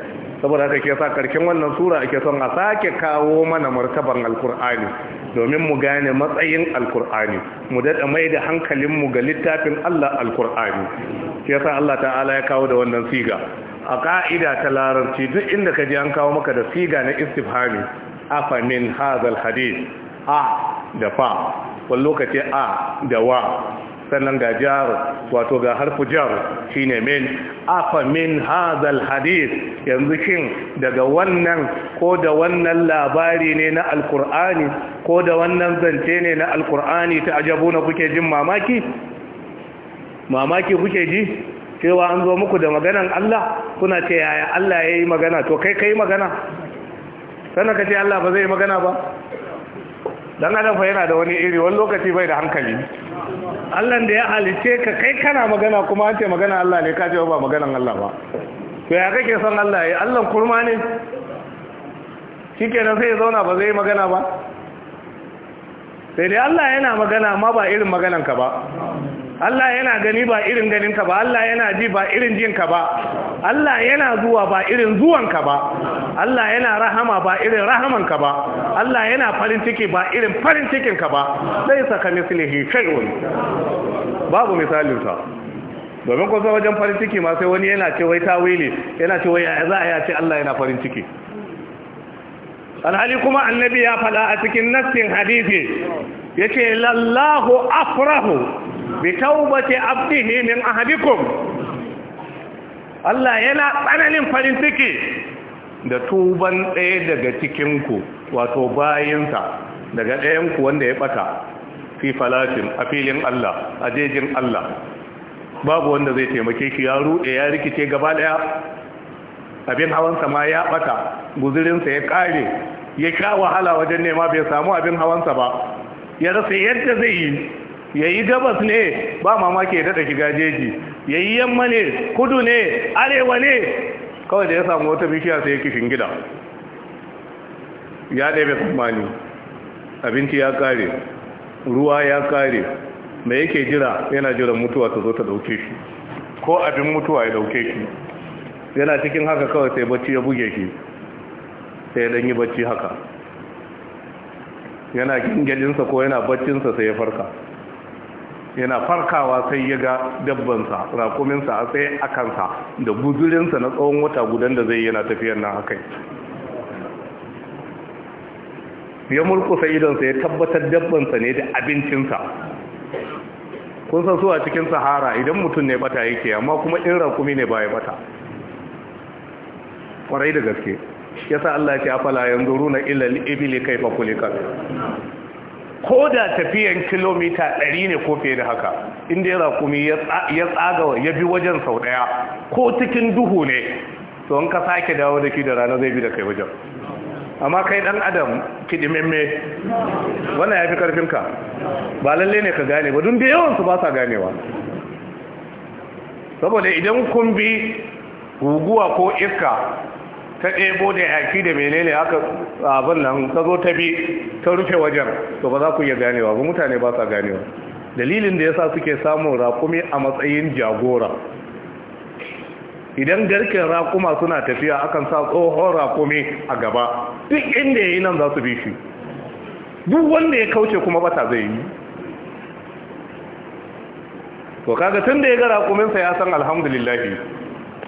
saboda haka ke sa karshen wannan sura ake son a sake kawo mana martaban alkur'ani domin mu gane matsayin alkur'ani mu dada mai da hankalin mu ga littafin Allah alkur'ani ke sa Allah ta'ala ya kawo da wannan siga a ka'ida ta larabci duk inda ka ji an kawo maka da siga na istifhami afamin hazal hadis a da fa wani lokaci a da wa sannan ga jaru wato ga harfu shi shine min afa min hadal hadis yanzu shin daga wannan ko da wannan labari ne na alkur'ani ko da wannan zance ne na alkur'ani ta ajabu na kuke jin mamaki mamaki kuke ji cewa an zo muku da maganan Allah kuna ce yaya Allah ya yi magana to kai kai magana sannan ka ce Allah ba zai magana ba don adam fa yana da wani iri wani lokaci bai da hankali Allah da ya halice ka kai kana magana kuma an ce magana Allah ne ka ce ba maganan Allah ba to ya kake son Allah ya Allah kurma ne nan sai zauna ba zai magana ba sai dai Allah yana magana ma ba irin maganan ka ba Allah yana gani ba irin ganinka ba Allah yana ji ba irin jinka ba Allah yana zuwa ba irin zuwanka ba Allah yana rahama ba irin rahamanka ba Allah yana farin ciki ba irin farin cikinka ba sai saka mislihi shay'un babu misalinsa domin sai wajen farin ciki ma sai wani yana ce wai tawili yana ce wai za a yace Allah yana farin ciki alhali kuma annabi ya faɗa a cikin nassin hadisi ya ce lallahu afrahu bitaubati abdihi min ahadikum Allah yana tsananin farin ciki da tuban ɗaya daga cikin ku wato bayinsa daga ɗayanku wanda ya bata fi falatin a filin Allah a jejin Allah babu wanda zai taimake shi ya ruɗe ya rikice gaba ɗaya abin hawansa ma ya ɓata guzurinsa ya ƙare ya sha wahala wajen nema bai samu abin hawansa ba ya rasa yadda zai yi ya yi gabas ne ba mamaki ya daɗa shiga jeji ya yi yamma ne kudu ne arewa ne kawai da ya samu wata bishiya sai ya kishin gida ya ɗaya tsammani abinci ya ƙare ruwa ya ƙare mai yake jira yana jiran mutuwa ta zo ta ɗauke shi ko abin mutuwa ya dauke shi yana cikin haka kawai sai bacci ya buge shi sai ya yi bacci haka yana gingalinsa ko yana baccinsa sai ya farka yana farkawa sai ya ga dabbansa rakuminsa a tsaye a kansa da guzurinsa na tsawon wata gudan da zai yana tafiyar nan a kai ya murkusa idonsa ya tabbatar dabbansa ne da abincinsa kun san su a cikin sahara idan mutum ne bata yake amma kuma in rakumi ne ba ya bata kwarai da gaske yasa Allah ya fala yanzu, runa ila al-ibli kayfa kulikat ko da tafiyan kilomita ɗari ne ko fiye da haka inda ya rakumi ya tsaga ya bi wajen sau ɗaya ko cikin duhu ne to an ka sake dawo da ki da rana zai bi da kai wajen amma kai dan adam kidimemme wannan ya fi karfinka ba lalle ne ka gane ba dun da yawansu ba sa ganewa saboda idan kun bi guguwa ko iska ta ɗebo da yaki da menene aka abin nan ta zo ta bi ta rufe wajen to ba za ku iya ganewa ba mutane ba sa ganewa dalilin da ya sa suke samun rakumi a matsayin jagora idan garkin rakuma suna tafiya akan sa tsohon rakumi a gaba duk inda ya yi nan za su bi shi duk wanda ya kauce kuma bata zai yi to kaga tun da ya ga rakuminsa ya san alhamdulillahi.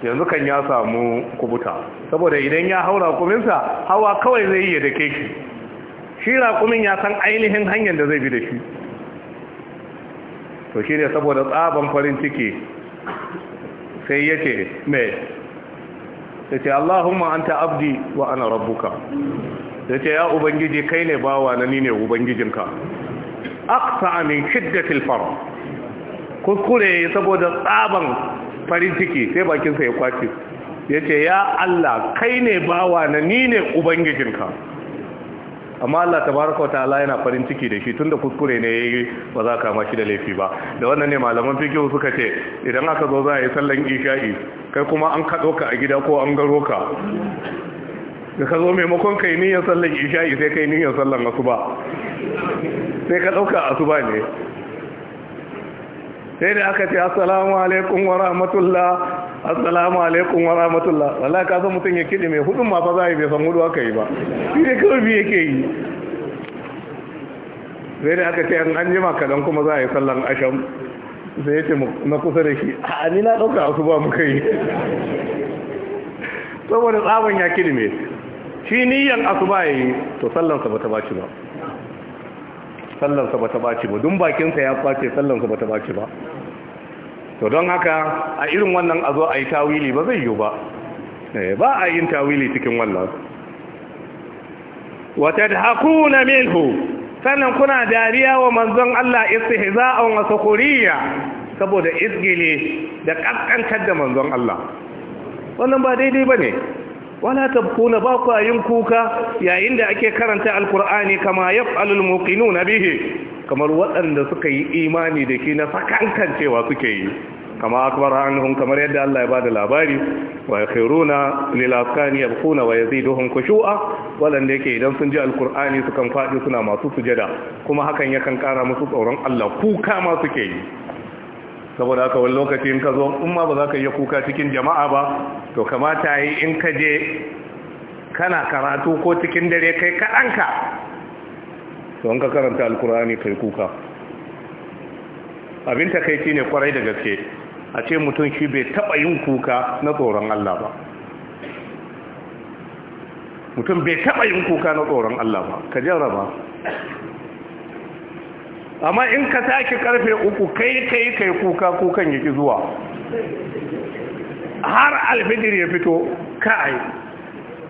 yanzu kan ya samu kubuta saboda idan ya haura kuminsa hawa kawai zai yi da keke shi raƙumin ya san ainihin hanyar da zai bi da shi to shi ne saboda tsaban farin ciki sai ya ce mai ya ce allahumma an abdi wa ana rabbuka ya ya ubangiji kai ne bawa na ni ne ubangijinka aksa min shiddatil fara kuskure saboda tsaban farin ciki sai bakinsa ya kwace ya ce ya Allah kai ne bawa na ni ne ubangijinka amma Allah tabaraka ta'ala yana farin ciki da shi tunda kuskure ne yayi ba za ka mashi da laifi ba da wannan ne malaman fiqh suka ce idan aka zo za a yi sallan isha'i kai kuma an kado ka a gida ko an garo ka da ka zo maimakon kai niyyar sallan isha'i sai kai niyyar sallan asuba sai ka dauka asuba ne sai da aka ce assalamu alaikum wa rahmatullah assalamu alaikum wa rahmatullah wallahi ka san mutum ya kidi mai hudun ma fa zai bai san hudu aka yi ba shi ne kawai bi yake yi sai da aka ce an an jima kadan kuma za a yi sallan asham sai ya ce na kusa da shi a ni na dauka su ba muka yi saboda tsaban ya kidi mai shi niyan asuba yayi to sallan sa bata baci ba sallansa ba ta ɓaci ba dun bakinsa ya ɓace sallansa ba ta ɓaci ba to don haka a irin wannan a zo a yi tawili ba zai yiwu ba eh, ba a yin tawili cikin wannan wata da hakuna minhu sannan kuna dariya wa manzon Allah istihza'an wa sukuriya saboda isgili da kaskantar da manzon Allah wannan ba daidai bane wala tabkuna ba ku yin kuka yayin da ake karanta alkur'ani kama yaf'alul muqinuna bihi kamar waɗanda suka yi imani da shi na suke yi kama akbar anhum kamar yadda Allah ya bada labari wa yakhiruna lil afkani yabquna wa yaziduhum khushu'a walanda yake idan sun ji alkur'ani sukan fadi suna masu sujada kuma hakan yakan kara musu tsoron Allah kuka ma suke yi saboda haka wani lokaci in ka zo in ma ba za ka yi kuka cikin jama'a ba to kamata yi in ka je kana karatu ko cikin dare kai kaɗanka to in ka karanta alkur'ani kai kuka abin ta takaici ne kwarai da gaske a ce mutum shi bai taɓa yin kuka na tsoron Allah ba mutum bai taɓa yin kuka na tsoron Allah ba ka jarraba amma in ka tashi karfe uku kai kai kai kuka kukan yake zuwa har alfidir ya fito kai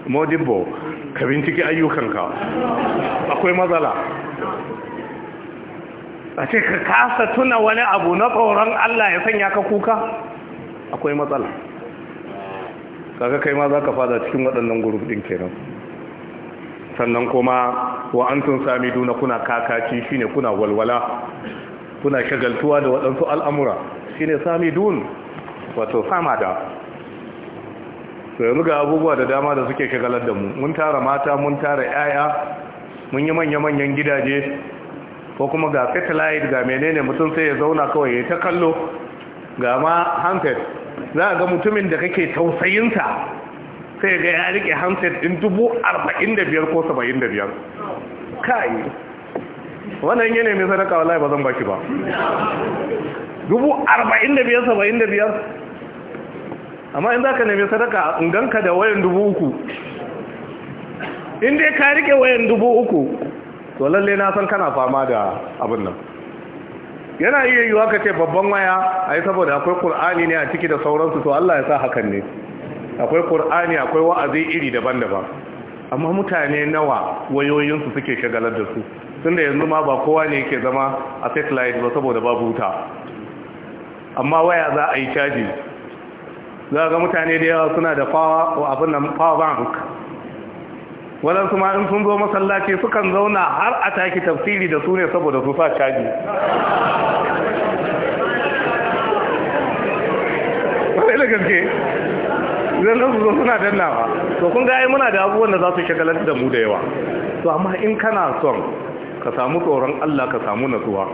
modibbo ka binciki ayyukanka akwai matsala a ce ka kasa tuna wani abu na tsoron Allah ya sanya ka kuka akwai matsala kaga kai ma za ka fada cikin waɗannan guruf kenan sannan kuma wa sami duna kuna kakaci shine kuna walwala kuna shagaltuwa da waɗansu al'amura shine sami dun wato sama da. Sai yanzu ga abubuwa da dama da suke shagalar da mu mun tara mata mun tara yaya mun yi manya-manyan gidaje ko kuma ga satellite ga menene mutum sai ya zauna kawai ya ta kallo ga ma hanfet za a ga mutumin da kake tausayinsa sai ga ya rike hamset din dubu arba'in da biyar ko saba'in da biyar kai wannan ne mai sadaka wallahi ba zan baki ba dubu arba'in da biyar saba'in da biyar amma in za ka nemi sadaka ka da wayan dubu uku in dai ka rike wayan dubu uku to lalle na san kana fama da abin nan yana iya yiwuwa ka ce babban waya a yi saboda akwai kur'ani ne a ciki da sauransu to allah ya sa hakan ne akwai qur'ani akwai wa'azi iri daban-daban amma mutane nawa wayoyinsu suke shagalar da su da yanzu ma ba kowa ne yake zama a satellite ba saboda babu wuta amma waya za a yi caji za ga mutane da yawa suna da power abin bank waɗansu ma in sun zo masallaci sukan zauna har a taki tafsiri da su ne saboda su sa caji wani da gaske zan su zo suna dannawa to kun ga yi muna da abubuwan da za su shagalar da mu da yawa to amma in kana son ka samu tsoron Allah ka samu natsuwa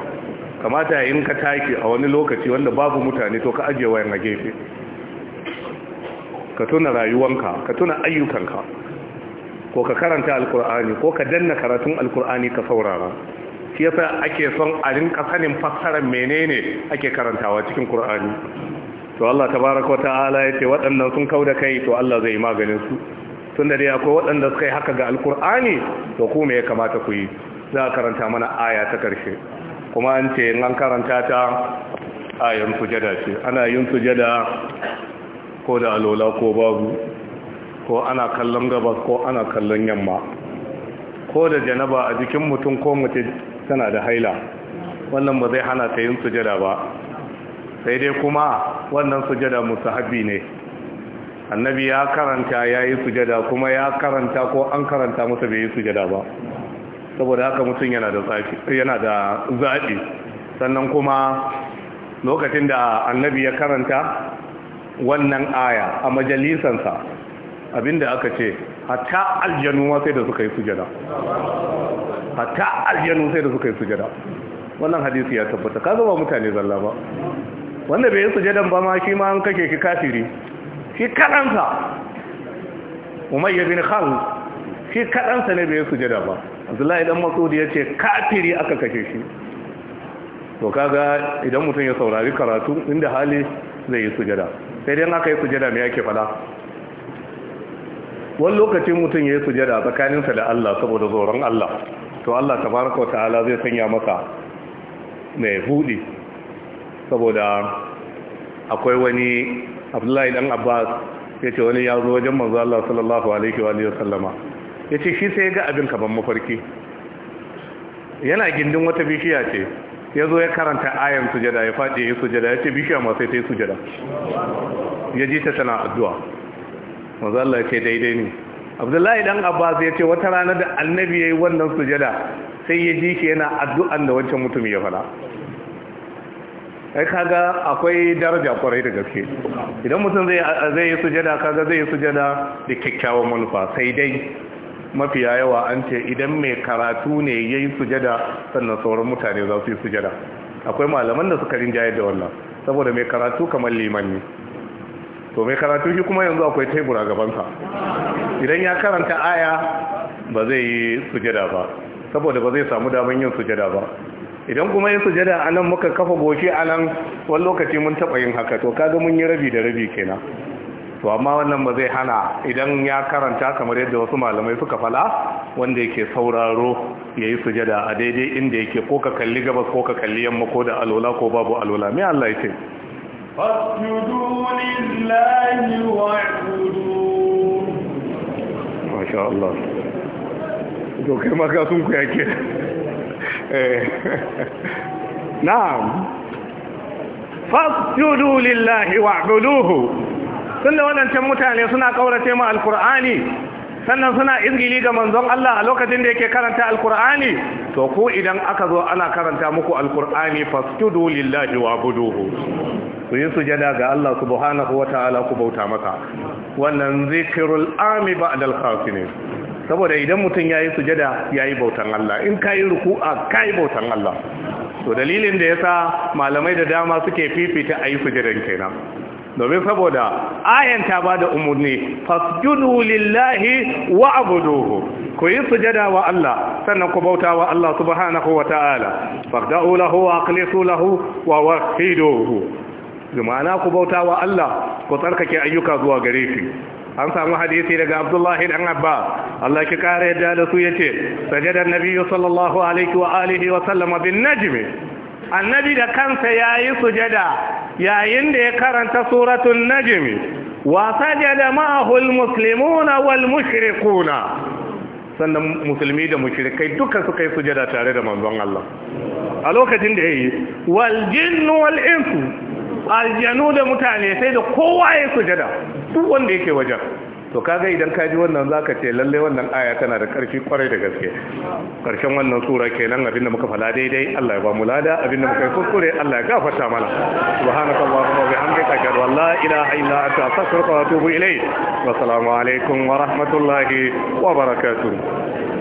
kamata yayin ka taki a wani lokaci wanda babu mutane to ka ajiye wayan a gefe ka tuna rayuwanka ka tuna ayyukanka ko ka karanta alkur'ani ko ka danna karatun alkur'ani ka saurara shi yasa ake son a rinka sanin fassarar menene ake karantawa cikin kur'ani to Allah tabaraka wata'ala yace waɗannan sun kauda kai to Allah zai maganin su tunda dai akwai waɗanda suka yi haka ga alkur'ani to ku me ya kamata ku yi za a karanta mana aya ta karshe kuma an ce an karanta ta ayan sujada ce ana yin sujada ko da alola ko babu ko ana kallon gabas ko ana kallon yamma ko da janaba a jikin mutum ko mutum tana da haila wannan ba zai hana ta yin sujada ba sai dai kuma wannan sujada musahabi ne annabi ya karanta ya yi sujada kuma ya karanta ko an karanta masa bai yi sujada ba saboda haka mutum yana da zaɓi sannan kuma lokacin da annabi ya karanta wannan aya a majalisansa abinda aka ce hatta aljanu sai da suka yi sujada hatta aljanu sai da suka yi sujada wannan hadisi ya tabbata ka zama mutane zalla ba wanda bai yi sujadan ba ma shi ma an kake shi kafiri shi kaɗansa umayya bin khalid shi kaɗansa ne bai yi sujada ba abdullahi dan masudi ya ce kafiri aka kashe shi to kaga idan mutum ya saurari karatu inda hali zai yi sujada sai dai aka yi sujada me yake fada wani lokacin mutum ya yi sujada tsakaninsa da Allah saboda tsoron Allah to Allah tabaraka wa ta'ala zai sanya maka mai buɗi saboda akwai wani abdullahi dan abbas ya ce wani ya zo wajen manzo Allah sallallahu alaihi wa sallama ya ce shi sai ya ga abin kaman mafarki yana gindin wata bishiya ce ya zo ya karanta ayan sujada ya faɗi ya sujada ya ce bishiya ma sai ta yi sujada ya ji ta tana addu'a manzo Allah ya ce daidai ne abdullahi dan abbas ya ce wata rana da annabi ya yi wannan sujada sai ya ji shi yana addu'an da wancan mutum ya fara ai kaga akwai daraja kwarai da gaske idan mutum zai yi sujada kaga zai yi sujada da kyakkyawan manufa sai dai mafiya yawa an ce idan mai karatu ne ya yi sujada sannan sauran mutane za su yi sujada akwai malaman da suka rinjaye da wannan saboda mai karatu kamar liman ne to mai karatu shi kuma yanzu akwai tebura gabansa idan ya karanta aya ba zai yi sujada ba saboda ba zai samu daman yin sujada ba idan kuma yin sujada a nan muka kafa goshi a nan wani lokaci mun taɓa yin haka to kaga mun yi rabi da rabi kenan to amma wannan ba zai hana idan ya karanta kamar yadda wasu malamai suka fala wanda yake sauraro ya yi sujada a daidai inda yake ko ka kalli gabas ko ka kalli yamma ko da alola ko babu alola mai Allah ya ce Masha Allah. To kai maka sun ku yake. Eh. [LAUGHS] na'am fasjudu lillahi wa'buduhu tunda waɗancan mutane suna ƙaurace ma alqur'ani sannan suna izgili ga manzon Allah a lokacin da yake karanta alqur'ani to ko idan aka zo ana karanta muku alur'ani fasjudu lillahi wa'buduhu ku yi sujada ga Allah subhanahu wata'ala ku bauta maka wannan zikirul ami ba'dal ne. saboda idan mutum ya yi sujada ya yi bautan Allah in ka yi ruku'a ka yi bautan Allah to dalilin da ya sa malamai da dama suke fifita a yi sujadan kenan domin saboda ayan ta ba da umarni fasjudu lillahi wa ku yi sujada wa Allah sannan ku bauta wa Allah subhanahu wa ta'ala faqda'u lahu wa aqlisu lahu wa wahiduhu zumana ku bauta wa Allah ku tsarkake ayyuka zuwa gare shi an samu hadisi daga abdullahi dan abba Allah ki kare yadda da su yace sajada nabiyyu sallallahu alaihi wa alihi wa sallama bin najm annabi da kansa yayi sujada yayin da ya karanta suratul najm wa sajada ma'ahu almuslimuna wal mushrikuna sannan musulmi da mushrikai duka suka yi sujada tare da manzon Allah a lokacin da yayi wal jinnu wal insu aljanu da mutane sai da kowa ya sujada duk wanda yake wajen to kaga idan ka ji wannan zaka ce lalle wannan aya tana da karfi kwarai da gaske karshen wannan sura kenan abinda muka fala daidai Allah ya ba mu lada abinda muka yi kuskure Allah ya gafarta mana subhanaka allahumma wa bihamdika ashhadu an la ilaha illa anta astaghfiruka wa atubu ilayk wa assalamu alaikum wa rahmatullahi wa barakatuh